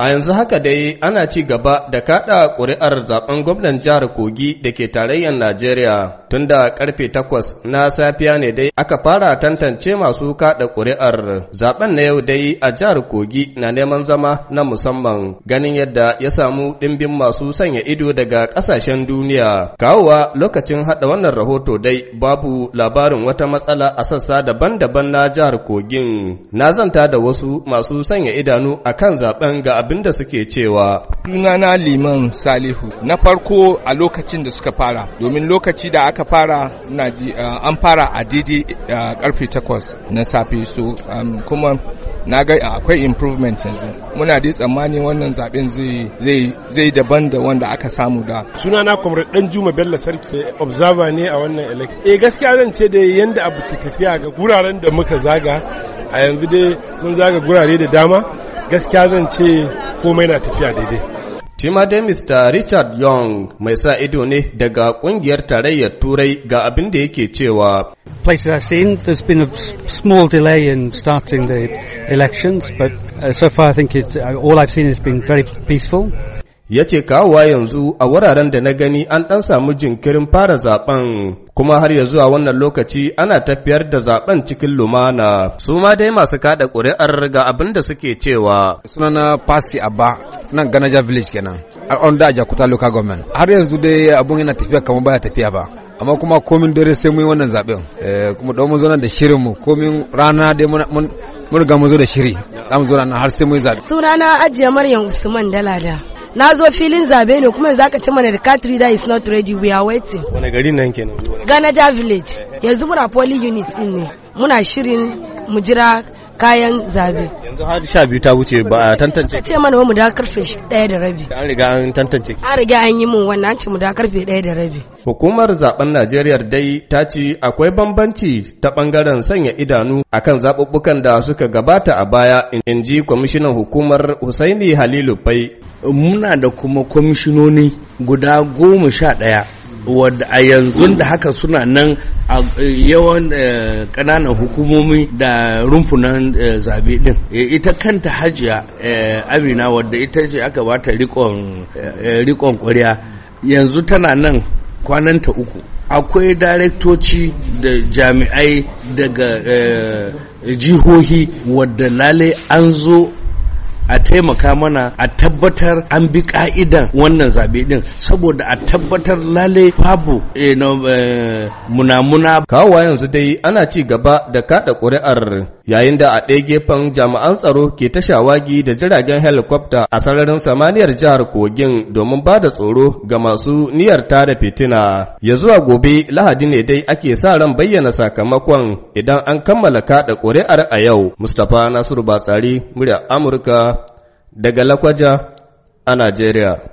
A yanzu haka dai ana ci gaba da kaɗa ƙuri'ar zaben gwamnan jihar Kogi da ke tarayyar Najeriya Tunda da ƙarfe takwas na safiya ne dai aka fara tantance masu kaɗa ƙuri'ar. Zaben na yau dai a jihar Kogi na neman zama na musamman ganin yadda ya samu ɗimbin masu sanya ido daga ƙasashen duniya. Kawowa lokacin haɗa wannan rahoto dai babu labarin wata matsala a sassa daban-daban na jihar Kogin. Na zanta da wasu masu sanya idanu akan zaben ga abinda suke cewa sunana liman salihu na farko a lokacin da suka fara domin lokaci da aka fara an fara a didi karfe takwas na safe so um, kuma na ga akwai improvement yanzu muna dai tsammani wannan zaben zai daban da wanda aka samu da sunana comrade dan juma bello sarki observer ne a wannan election eh gaskiya zan ce da yanda abu ke tafiya ga guraren da muka zaga a yanzu dai mun zaga gurare da dama gaskiya zan ce komai na tafiya daidai Tima dai Mr. Richard Young mai sa ido ne daga kungiyar tarayyar Turai ga abin da yake cewa. Places I've seen, there's been a small delay in starting the elections, but uh, so far I think it, uh, all I've seen has been very peaceful. ya ce kawowa yanzu a wuraren da na gani an ɗan samu jinkirin fara zaben kuma har ya zuwa wannan lokaci ana tafiyar da zaben cikin lumana su ma dai masu kada ƙuri'ar ga abin da suke cewa sunana pasi abba nan ganaja village kenan on da jakuta local government har yanzu dai abun yana tafiya kamar baya tafiya ba amma kuma komin dare sai mun yi wannan zaben eh, kuma don mun zo nan da shirin mu komin rana dai mun riga mun zo da shiri za mu zo nan har sai mun yi zabe sunana ajiya maryam usman dalada na zo filin zabe ne kuma za ka ce mana da katri da is not ready we are waiting wani gari nan kenan ganaja village yanzu muna poli unit din ne muna shirin mu jira kayan zabe yanzu har sha biyu ta wuce ba a tantance ce mana mu da karfe 1 da rabi an riga an tantance an riga an yi mu wannan ce mu da karfe 1 da rabi hukumar zaben najeriya dai ta ce akwai bambanci ta bangaren sanya idanu akan zaɓuɓɓukan da suka gabata a baya in ji kwamishinan hukumar husaini halilu fai muna da kuma kwamishinoni guda goma sha ɗaya wadda a yanzu da haka suna nan a yawan eh, ƙananan hukumomi da rumfunan eh, zabe din eh, ita kanta hajiya amina wadda ita ce aka bata rikon ƙwarya yanzu tana nan kwananta uku akwai daraktoci da jami'ai daga jihohi wadda lale an zo a taimaka mana a tabbatar an bi ka'idan wannan zaɓe ɗin saboda a tabbatar lale babu eh, eh, munamuna. Kawowa yanzu dai ana ci gaba da kada ƙuri'ar yayin da a ɗaya gefen jami'an tsaro ke ta shawagi da jiragen helikwafta a sararin samaniyar jihar Kogin domin ba da tsoro ga masu niyyar tada fitina. Ya zuwa gobe Lahadi ne dai ake sa ran bayyana sakamakon idan an kammala kada ƙuri'ar a yau. Mustapha Nasiru Batsari, murya Amurka daga Lakwaja a Najeriya.